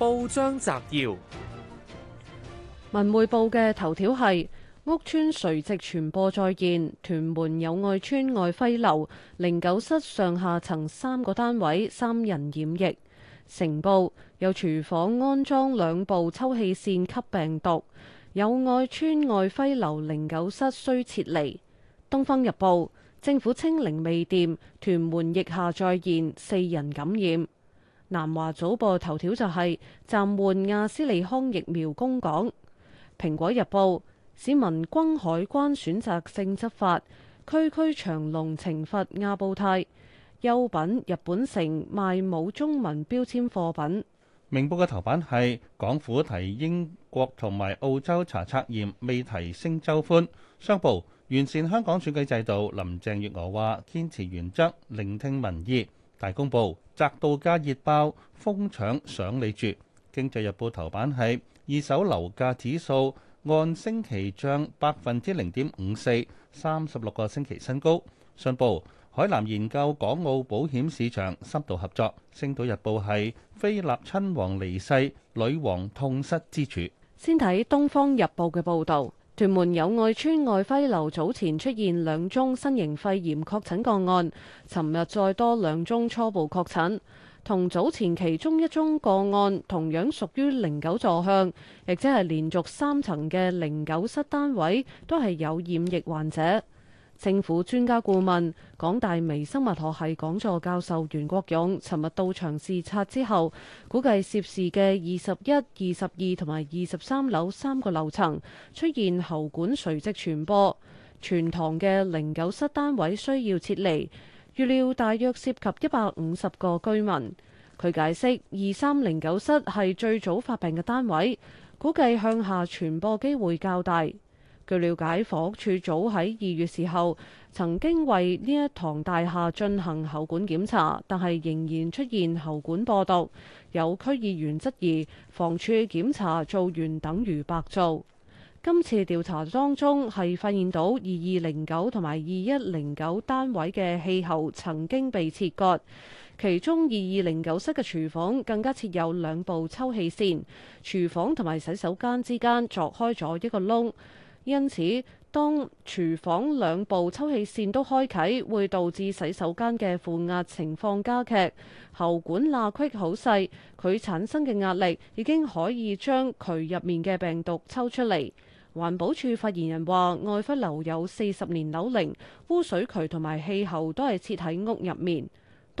報章摘要：文匯報嘅頭條係屋邨垂直傳播再現，屯門友愛邨外輝樓零九室上下層三個單位三人染疫。城報有廚房安裝兩部抽氣扇吸病毒，友愛邨外輝樓零九室需撤離。東方日報政府清零未掂，屯門疫下再現四人感染。南華早報頭條就係暫緩阿斯利康疫苗供港。蘋果日報，市民轟海關選擇性執法，區區長龍懲罰亞布泰。優品日本城賣冇中文標籤貨品。明報嘅頭版係港府提英國同埋澳洲查測驗，未提升州寬。商報完善香港選舉制度，林鄭月娥話堅持原則，聆聽民意。大公報。宅度假熱爆，瘋搶想你住。經濟日報頭版係二手樓價指數按星期漲百分之零點五四，三十六個星期新高。信報海南研究港澳保險市場深度合作。星島日報係菲臘親王離世，女王痛失支柱。先睇《東方日報》嘅報導。屯門友愛村愛輝樓早前出現兩宗新型肺炎確診個案，尋日再多兩宗初步確診，同早前其中一宗個案同樣屬於零九座向，亦即係連續三層嘅零九室單位，都係有染疫患者。政府專家顧問、港大微生物學系講座教授袁國勇，尋日到場視察之後，估計涉事嘅二十一、二十二同埋二十三樓三個樓層出現喉管垂直傳播，全堂嘅零九室單位需要撤離，預料大約涉及一百五十個居民。佢解釋，二三零九室係最早發病嘅單位，估計向下傳播機會較大。據了解，房署早喺二月時候曾經為呢一堂大廈進行喉管檢查，但係仍然出現喉管播毒。有區議員質疑房署檢查做完等於白做。今次調查當中係發現到二二零九同埋二一零九單位嘅氣喉曾經被切割，其中二二零九室嘅廚房更加設有兩部抽氣扇，廚房同埋洗手間之間鑿開咗一個窿。因此，當廚房兩部抽氣扇都開啟，會導致洗手間嘅負壓情況加劇。喉管罅隙好細，佢產生嘅壓力已經可以將渠入面嘅病毒抽出嚟。環保處發言人話：外屋樓有四十年樓齡，污水渠同埋氣喉都係設喺屋入面。《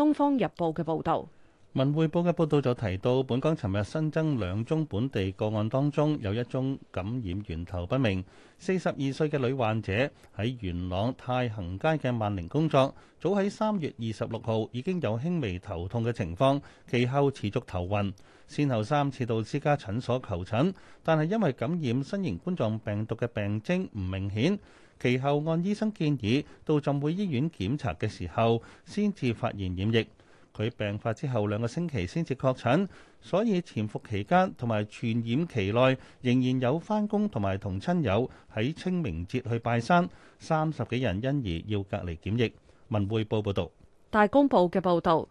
東方日報》嘅報導。文匯報嘅報道就提到，本港尋日新增兩宗本地個案，當中有一宗感染源頭不明。四十二歲嘅女患者喺元朗泰衡街嘅萬寧工作，早喺三月二十六號已經有輕微頭痛嘅情況，其後持續頭暈，先後三次到私家診所求診，但係因為感染新型冠狀病毒嘅病徵唔明顯，其後按醫生建議到浸會醫院檢查嘅時候，先至發現染疫。佢病發之後兩個星期先至確診，所以潛伏期間同埋傳染期內仍然有返工同埋同親友喺清明節去拜山，三十幾人因而要隔離檢疫。文匯報報導。大公報嘅報導，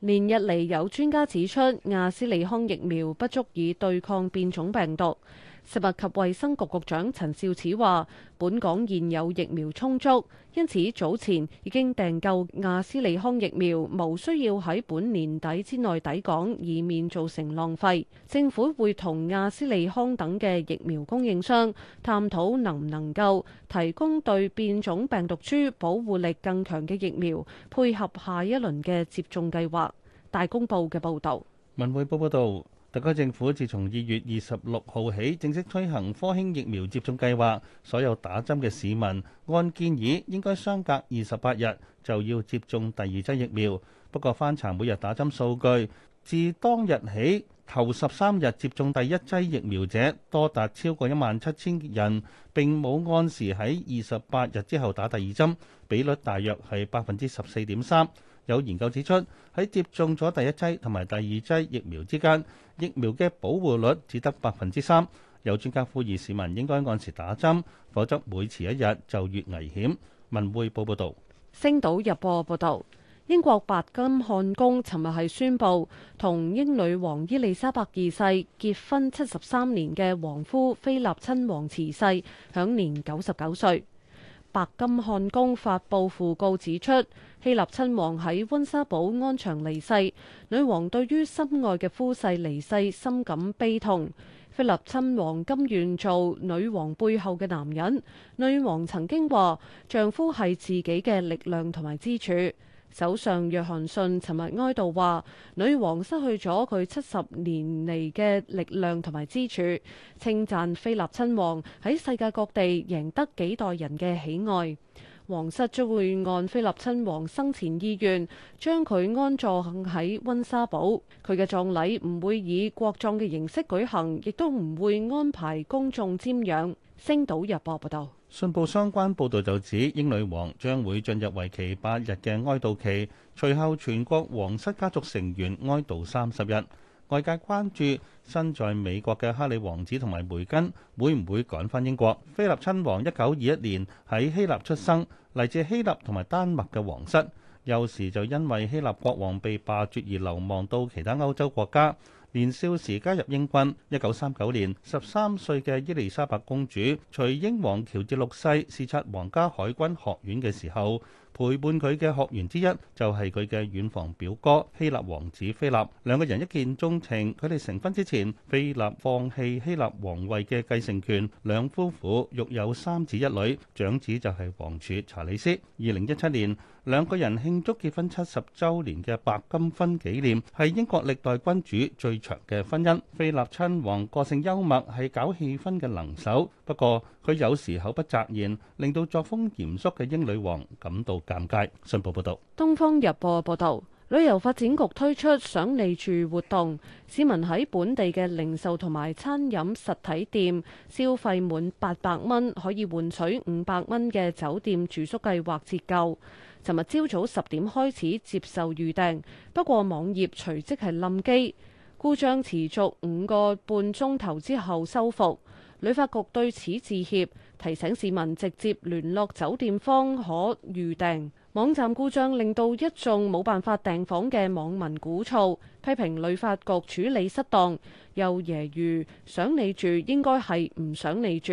連日嚟有專家指出，亞斯利康疫苗不足以對抗變種病毒。食物及衛生局局長陳肇始話：本港現有疫苗充足，因此早前已經訂購亞斯利康疫苗，無需要喺本年底之內抵港，以免造成浪費。政府會同亞斯利康等嘅疫苗供應商探討，能唔能夠提供對變種病毒株保護力更強嘅疫苗，配合下一輪嘅接種計劃。大公報嘅報導，文匯報報道。特區政府自從二月二十六號起正式推行科興疫苗接種計劃，所有打針嘅市民按建議應該相隔二十八日就要接種第二劑疫苗。不過，翻查每日打針數據，自當日起，頭十三日接種第一劑疫苗者多達超過一萬七千人，並冇按時喺二十八日之後打第二針，比率大約係百分之十四點三。有研究指出，喺接種咗第一劑同埋第二劑疫苗之間，疫苗嘅保護率只得百分之三。有專家呼籲市民應該按時打針，否則每遲一日就越危險。文匯報報道。星島日報報道，英國白金漢宮尋日係宣布，同英女王伊麗莎白二世結婚七十三年嘅皇夫菲臘親王辭世，享年九十九歲。白金漢宮發布訃告指出，菲立親王喺溫莎堡安詳離世，女王對於心愛嘅夫婿離世深感悲痛。菲立親王甘願做女王背後嘅男人，女王曾經話丈夫係自己嘅力量同埋支柱。首相約翰遜尋日哀悼話：女王失去咗佢七十年嚟嘅力量同埋支柱，稱讚菲立親王喺世界各地贏得幾代人嘅喜愛。皇室將會按菲立親王生前意願，將佢安葬喺溫莎堡。佢嘅葬禮唔會以國葬嘅形式舉行，亦都唔會安排公眾瞻仰。星島日報報道。信報相關報導就指，英女王將會進入為期八日嘅哀悼期，隨後全國皇室家族成員哀悼三十日。外界關注身在美國嘅哈利王子同埋梅根會唔會趕翻英國。菲立親王一九二一年喺希臘出生，嚟自希臘同埋丹麥嘅皇室，幼時就因為希臘國王被罷黜而流亡到其他歐洲國家。年少時加入英軍，一九三九年十三歲嘅伊麗莎白公主，隨英皇喬治六世視察皇家海軍學院嘅時候，陪伴佢嘅學員之一就係佢嘅遠房表哥希臘王子菲臘，兩個人一見鍾情。佢哋成婚之前，菲臘放棄希臘王位嘅繼承權。兩夫婦育有三子一女，長子就係王儲查理斯。二零一七年，兩個人慶祝結婚七十週年嘅白金婚紀念，係英國歷代君主最長嘅婚姻。菲臘親王個性幽默，係搞氣氛嘅能手。不過佢有時口不擇言，令到作風嚴肅嘅英女王感到尷尬。信報報導，東方日報報道，旅遊發展局推出賞你住活動，市民喺本地嘅零售同埋餐飲實體店消費滿八百蚊，可以換取五百蚊嘅酒店住宿計劃折舊。尋日朝早十點開始接受預訂，不過網頁隨即係冧機，故障持續五個半鐘頭之後修復。旅發局對此致歉。提醒市民直接聯絡酒店方可預訂。網站故障令到一眾冇辦法訂房嘅網民鼓噪，批評旅發局處理失當。又揶揄想你住應該係唔想你住。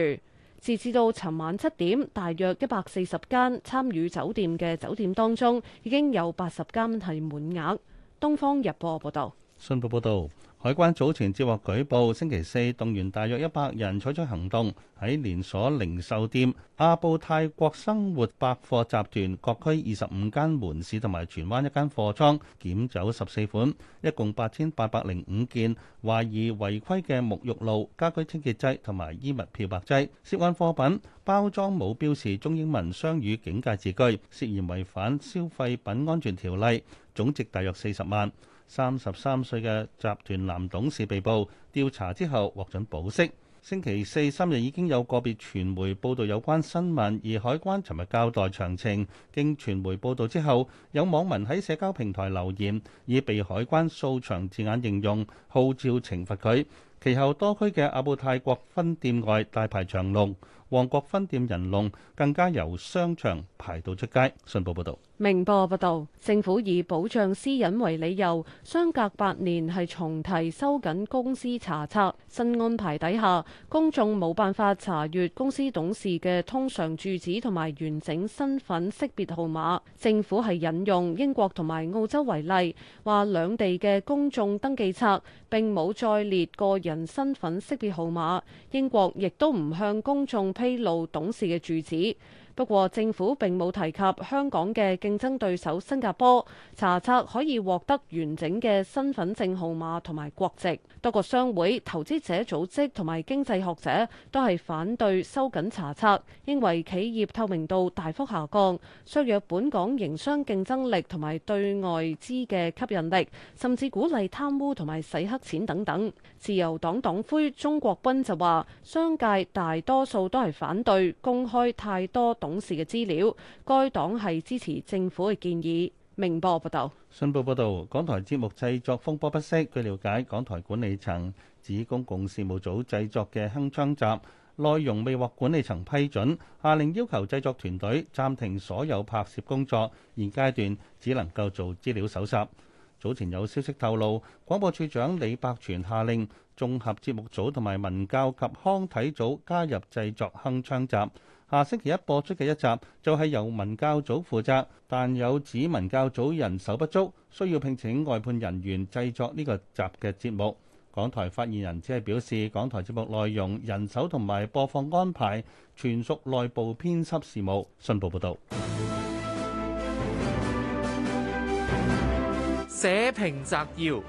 截至到尋晚七點，大約一百四十間參與酒店嘅酒店當中，已經有八十間係滿額。東方日報報道。新報報道。海關早前接獲舉報，星期四動員大約一百人採取行動，喺連鎖零售店阿布泰國生活百貨集團各區二十五間門市同埋荃灣一間貨倉，檢走十四款，一共八千八百零五件懷疑違規嘅沐浴露、家居清潔劑同埋衣物漂白劑，涉案貨品包裝冇標示中英文雙語警戒字句，涉嫌違反消費品安全條例，總值大約四十萬。三十三歲嘅集團男董事被捕調查之後獲准保釋。星期四三日已經有個別傳媒報導有關新聞，而海關尋日交代詳情。經傳媒報導之後，有網民喺社交平台留言，以被海關掃場字眼形容，號召懲罰佢。其後多區嘅阿布泰國分店外大排長龍，旺角分店人龍更加由商場排到出街。信報報道：「明報報道，政府以保障私隱為理由，相隔八年係重提收緊公司查冊。新安排底下，公眾冇辦法查閱公司董事嘅通常住址同埋完整身份識別號碼。政府係引用英國同埋澳洲為例，話兩地嘅公眾登記冊並冇再列個人人身份識別號碼，英國亦都唔向公眾披露董事嘅住址。不過政府並冇提及香港嘅競爭對手新加坡，查冊可以獲得完整嘅身份證號碼同埋國籍。多個商會、投資者組織同埋經濟學者都係反對收緊查冊，因為企業透明度大幅下降，削弱本港營商競爭力同埋對外資嘅吸引力，甚至鼓勵貪污同埋洗黑錢等等。自由黨黨魁鍾國斌就話：商界大多數都係反對公開太多黨，董事嘅資料，該黨係支持政府嘅建議。明報報道。信報報道，港台節目製作風波不息。據了解，港台管理層指公共事務組製作嘅《鏗鏘集》內容未獲管理層批准，下令要求製作團隊暫停所有拍攝工作，現階段只能夠做資料搜集。早前有消息透露，廣播處長李百全下令綜合節目組同埋文教及康體組加入製作《鏗鏘集》。下星期一播出嘅一集就係由文教組負責，但有指文教組人手不足，需要聘請外判人員製作呢個集嘅節目。港台發言人只係表示，港台節目內容、人手同埋播放安排全屬內部編輯事務，信報報道社評摘要，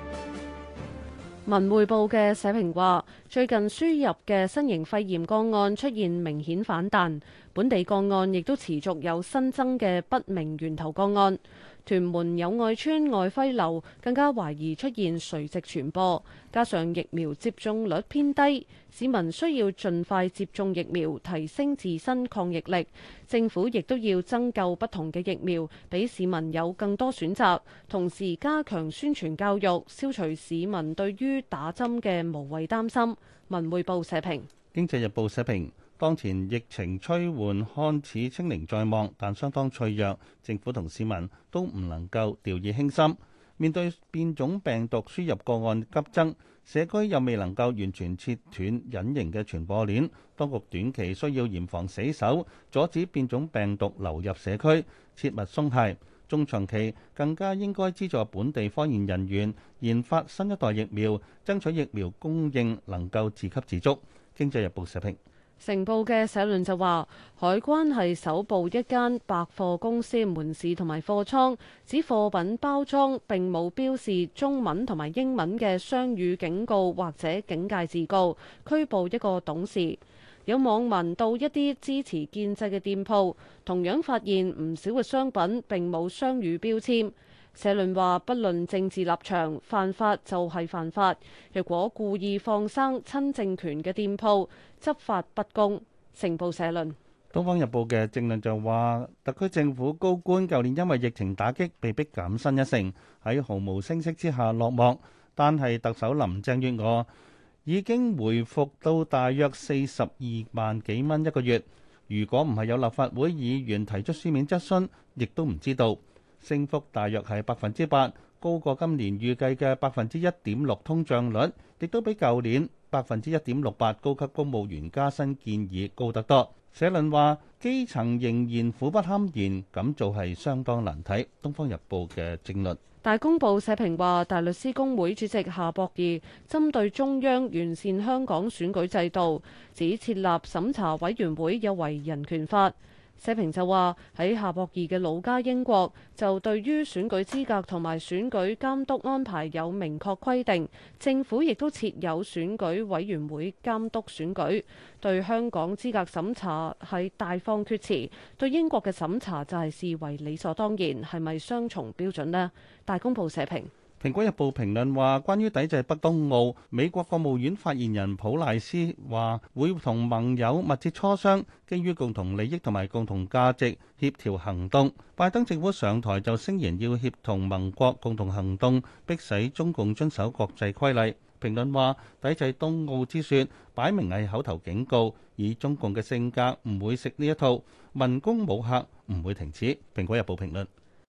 文匯報嘅社評話。最近輸入嘅新型肺炎個案出現明顯反彈，本地個案亦都持續有新增嘅不明源頭個案。屯門友愛邨愛暉樓，更加懷疑出現垂直傳播。加上疫苗接種率偏低，市民需要盡快接種疫苗，提升自身抗疫力。政府亦都要增購不同嘅疫苗，俾市民有更多選擇，同時加強宣傳教育，消除市民對於打針嘅無謂擔心。文匯報社評，經濟日報社評：當前疫情趨緩，看似清零在望，但相當脆弱。政府同市民都唔能夠掉以輕心。面對變種病毒輸入個案急增，社區又未能夠完全切斷隱形嘅傳播鏈，當局短期需要嚴防死守，阻止變種病毒流入社區，切勿鬆懈。中長期更加應該資助本地科研人員研發新一代疫苗，爭取疫苗供應能夠自給自足。經濟日報社評，成報嘅社論就話，海關係首部一間百貨公司門市同埋貨倉，指貨品包裝並冇標示中文同埋英文嘅雙語警告或者警戒字告，拘捕一個董事。有網民到一啲支持建制嘅店鋪，同樣發現唔少嘅商品並冇雙語標籤。社論話：不論政治立場，犯法就係犯法。若果故意放生親政權嘅店鋪，執法不公。成報社論，《東方日報》嘅正論就話，特區政府高官舊年因為疫情打擊，被逼減薪一成，喺毫無聲息之下落幕。但係特首林鄭月娥已經回復到大約四十二萬幾蚊一個月，如果唔係有立法會議員提出書面質詢，亦都唔知道。升幅大約係百分之八，高過今年預計嘅百分之一點六通脹率，亦都比舊年百分之一點六八高級公務員加薪建議高得多。社論話基層仍然苦不堪言，咁做係相當難睇。《東方日報》嘅政論。大公報社評話，大律師公會主席夏博義針對中央完善香港選舉制度，指設立審查委員會有違人權法。社評就話，喺夏博義嘅老家英國，就對於選舉資格同埋選舉監督安排有明確規定，政府亦都設有選舉委員會監督選舉。對香港資格審查係大方厥詞，對英國嘅審查就係視為理所當然，係咪雙重標準呢？大公報社評。《蘋果日報》評論話，關於抵制北冬奧，美國國務院發言人普賴斯話會同盟友密切磋商，基於共同利益同埋共同價值協調行動。拜登政府上台就聲言要協同盟國共同行動，迫使中共遵守國際規例。評論話，抵制冬奧之説擺明係口頭警告，以中共嘅性格唔會食呢一套，文攻武嚇唔會停止。《蘋果日報》評論。